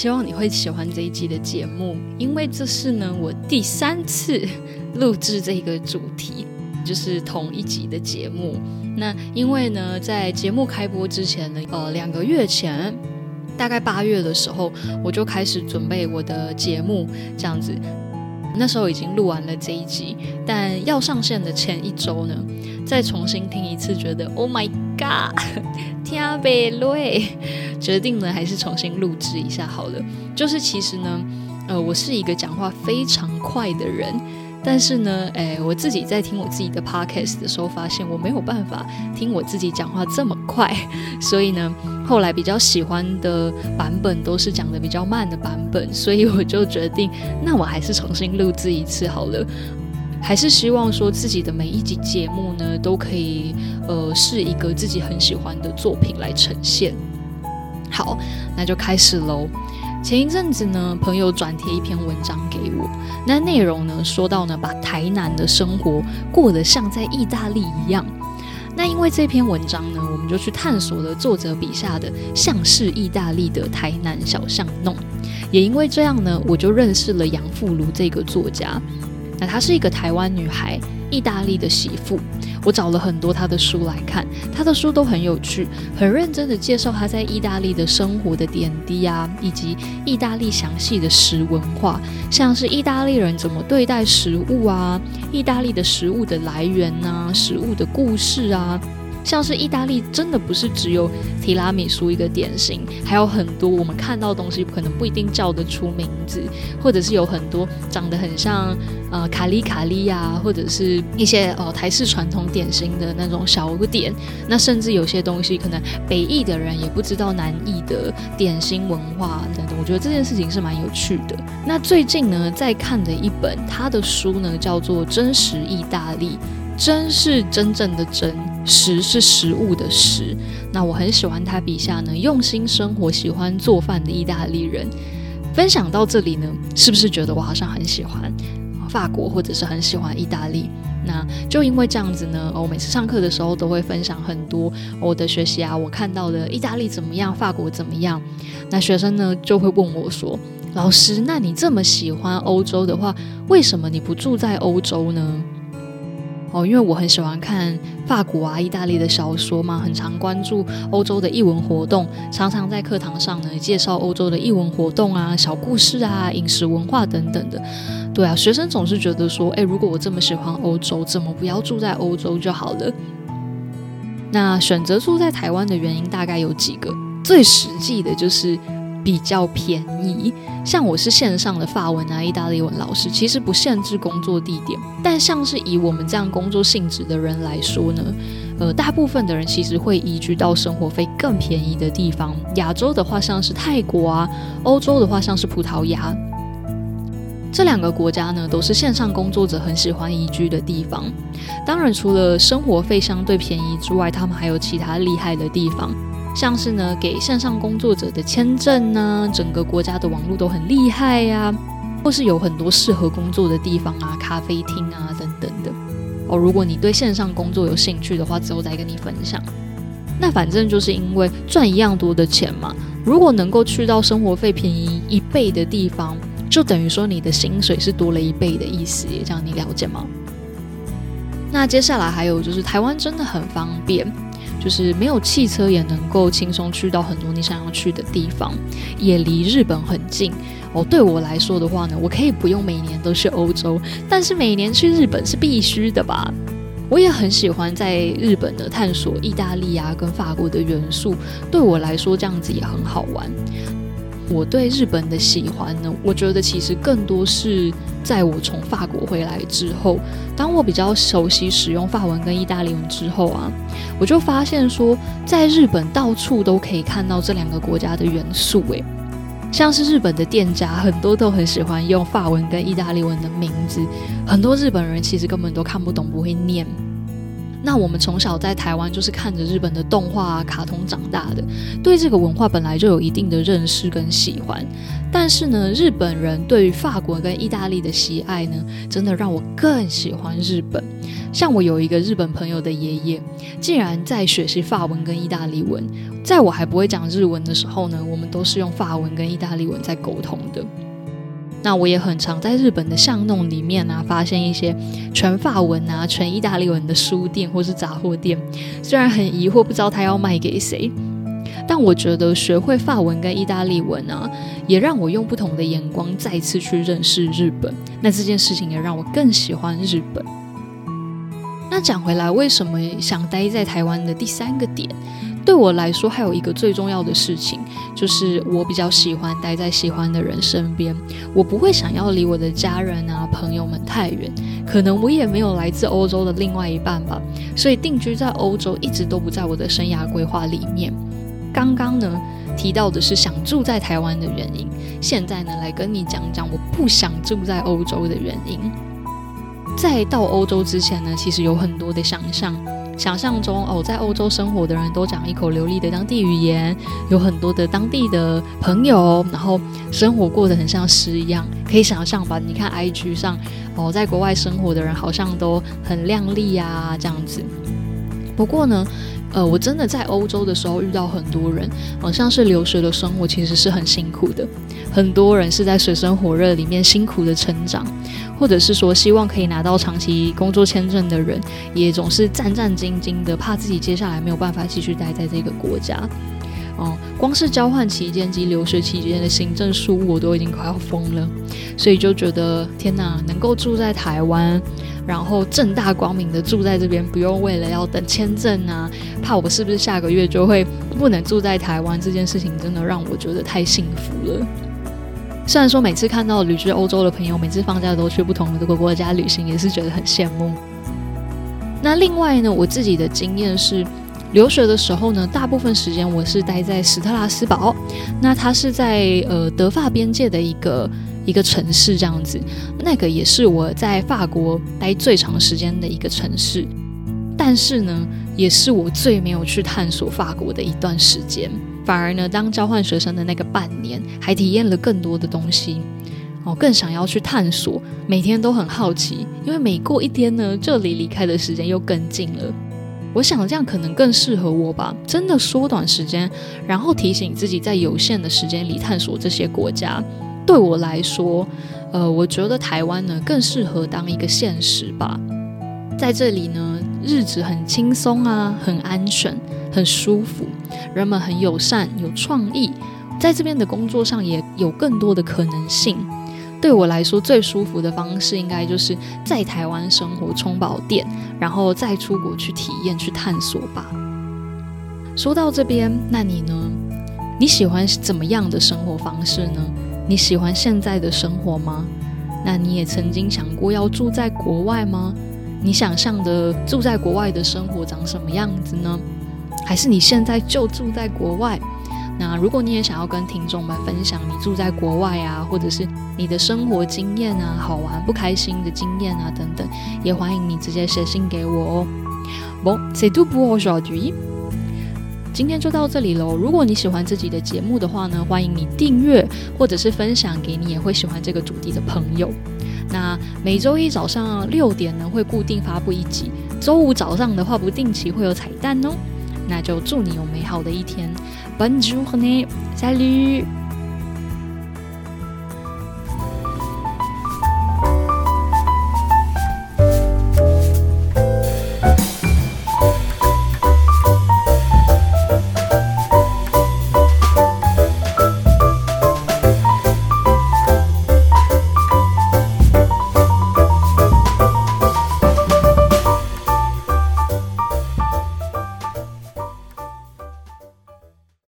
希望你會喜歡這一集的節目，因為這是呢我第三次錄製這個主題，就是同一集的節目。那因為呢，在節目開播之前呢，呃，兩個月前，大概八月的時候，我就開始準備我的節目，這樣子。那時候已經錄完了這一集，但要上線的前一周呢，再重新聽一次，覺得 Oh my God，天啊貝洛！決定呢，還是重新錄製一下好了。就是其實呢，呃，我是一個講話非常快的人，但是呢，誒，我自己在聽我自己的 podcast 的時候，發現我沒有辦法聽我自己講話這麼快，所以呢，後來比較喜歡的版本都是講得比較慢的版本，所以我就決定，那我還是重新錄製一次好了。還是希望說自己的每一集節目呢，都可以呃是一個自己很喜歡的作品來呈現。好，那就開始嘍。前一陣子呢，朋友轉貼一篇文章給我，那內容呢說到呢，把台南的生活過得像在意大利一樣。那因為這篇文章呢，我們就去探索了作者筆下的像是意大利的台南小巷弄。也因為這樣呢，我就認識了楊富如這個作家。那她是一個台灣女孩，意大利的媳婦。我找了很多她的書來看，她的書都很有趣，很認真地介紹她在意大利的生活的點滴啊，以及意大利詳細的食文化，像是意大利人怎麼對待食物啊，意大利的食物的來源吶啊，食物的故事啊。像是意大利真的不是只有提拉米蘇一個點心，還有很多我們看到的東西可能不一定叫得出名字，或者是有很多長得很像呃卡利卡利啊，或者是一些哦、呃、台式傳統點心的那種小點。那甚至有些東西可能北義的人也不知道南義的點心文化等等。我覺得這件事情是蠻有趣的。那最近呢，在看的一本他的書呢，叫做《真實意大利》，真是真正的真。食是食物的食，那我很喜歡他筆下呢用心生活、喜歡做飯的意大利人。分享到這裡呢，是不是覺得我好像很喜歡法國，或者是很喜歡意大利？那就因為這樣子呢，哦，我每次上課的時候都會分享很多，哦，我的學習啊，我看到的意大利怎麼樣，法國怎麼樣。那學生呢就會問我說：“老師，那你這麼喜歡歐洲的話，為什麼你不住在歐洲呢？”哦，因為我很喜歡看法國啊、意大利的小說嘛，很常關注歐洲的藝文活動，常常在課堂上呢介紹歐洲的藝文活動啊、小故事啊、飲食文化等等的。對啊，學生總是覺得說，誒、欸，如果我這麼喜歡歐洲，怎麼不要住在歐洲就好了？那選擇住在台灣的原因大概有幾個，最實際的就是。比較便宜，像我是線上的法文啊、意大利文老師，其實不限制工作地點。但像是以我們這樣工作性質的人來說呢，呃，大部分的人其實會移居到生活費更便宜的地方。亞洲的話像是泰國啊，歐洲的話像是葡萄牙，這兩個國家呢都是線上工作者很喜歡移居的地方。當然，除了生活費相對便宜之外，他們還有其他厲害的地方。像是呢，給線上工作者的簽證啊，整個國家的網絡都很厲害呀，或是有很多適合工作的地方啊，咖啡廳啊等等的。哦，如果你對線上工作有興趣的話，之後再跟你分享。那反正就是因為賺一樣多的錢嘛，如果能夠去到生活費便宜一倍的地方，就等於說你的薪水是多了一倍的意思，這樣你了解嗎？那接下來還有就是台灣真的很方便。就是沒有汽車也能夠輕鬆去到很多你想要去的地方，也離日本很近哦。對我來說的話呢，我可以不用每年都去歐洲，但是每年去日本是必須的吧？我也很喜歡在日本的探索意大利啊跟法國的元素，對我來說這樣子也很好玩。我對日本的喜歡呢，我覺得其實更多是在我從法國回來之後，當我比較熟悉使用法文跟意大利文之後啊，我就發現說，在日本到處都可以看到這兩個國家的元素，誒，像是日本的店家很多都很喜歡用法文跟意大利文的名字，很多日本人其實根本都看不懂不會念。那我們從小在台灣就是看着日本的動畫啊、卡通長大的，對這個文化本來就有一定的認識跟喜歡。但是呢，日本人對於法國跟意大利的喜愛呢，真的讓我更喜歡日本。像我有一個日本朋友的爺爺，竟然在學習法文跟意大利文，在我還不會講日文的時候呢，我們都是用法文跟意大利文在溝通的。那我也很常在日本的巷弄裡面啊，發現一些全法文啊、全意大利文的書店或是雜貨店，雖然很疑惑，不知道他要賣給誰，但我覺得學會法文跟意大利文啊，也讓我用不同的眼光再次去認識日本。那這件事情也讓我更喜歡日本。那講回來，為什麼想待在台灣的第三個點？對我來說，還有一個最重要的事情，就是我比較喜歡待在喜歡的人身邊，我不會想要離我的家人啊、朋友們太遠。可能我也沒有來自歐洲的另外一半吧，所以定居在歐洲一直都不在我的生涯規劃裡面。剛剛呢提到的是想住在台灣的原因，現在呢來跟你講講我不想住在歐洲的原因。在到歐洲之前呢，其實有很多的想象。想象中哦，在歐洲生活的人都講一口流利的當地語言，有很多的當地的朋友，然後生活過得很像詩一樣，可以想象吧？你看 IG 上哦，在國外生活的人好像都很靚麗啊，這樣子。不過呢，呃，我真的在歐洲的時候遇到很多人，好、哦、像是留學的生活其實是很辛苦的，很多人是在水深火熱裡面辛苦的成長。或者是說希望可以拿到長期工作簽證的人，也總是戰戰兢兢的，怕自己接下來沒有辦法繼續待在這個國家。哦、嗯，光是交換期間及留學期間的行政書，我都已經快要瘋了。所以就覺得，天哪，能夠住在台灣，然後正大光明的住在這邊，不用為了要等簽證啊，怕我是不是下個月就會不能住在台灣，這件事情真的讓我覺得太幸福了。雖然說每次看到旅居歐洲的朋友，每次放假都去不同的國家旅行，也是覺得很羨慕。那另外呢，我自己的經驗是，留學的時候呢，大部分時間我是待在斯特拉斯堡，那它是在呃德法邊界的一個一個城市這樣子，那個也是我在法國待最長時間的一個城市。但是呢。也是我最沒有去探索法國的一段時間，反而呢，當交換學生的那個半年，還體驗了更多的東西，我、哦、更想要去探索，每天都很好奇，因為每過一天呢，這裡離開的時間又更近了。我想這樣可能更適合我吧，真的縮短時間，然後提醒自己在有限的時間裡探索這些國家，對我來說，呃，我覺得台灣呢更適合當一個現實吧，在這裡呢。日子很輕鬆啊，很安全，很舒服，人們很友善，有創意，在這邊的工作上也有更多的可能性。對我來說，最舒服的方式應該就是在台灣生活充飽電，然後再出國去體驗、去探索吧。說到這邊，那你呢？你喜歡怎麼樣的生活方式呢？你喜歡現在的生活嗎？那你也曾經想過要住在國外嗎？你想象的住在國外的生活長什麼樣子呢？還是你現在就住在國外？那如果你也想要跟聽眾們分享你住在國外啊，或者是你的生活經驗啊、好玩、不開心的經驗啊等等，也歡迎你直接寫信給我哦。不，再多不二小魚，今天就到這裡嘍。如果你喜歡自己的節目的話呢，歡迎你訂閱或者是分享給你也會喜歡這個主題的朋友。那每週一早上六、啊、點呢，會固定發布一集；周五早上的話，不定期會有彩蛋哦。那就祝你有美好的一天！Bonne journée，salut。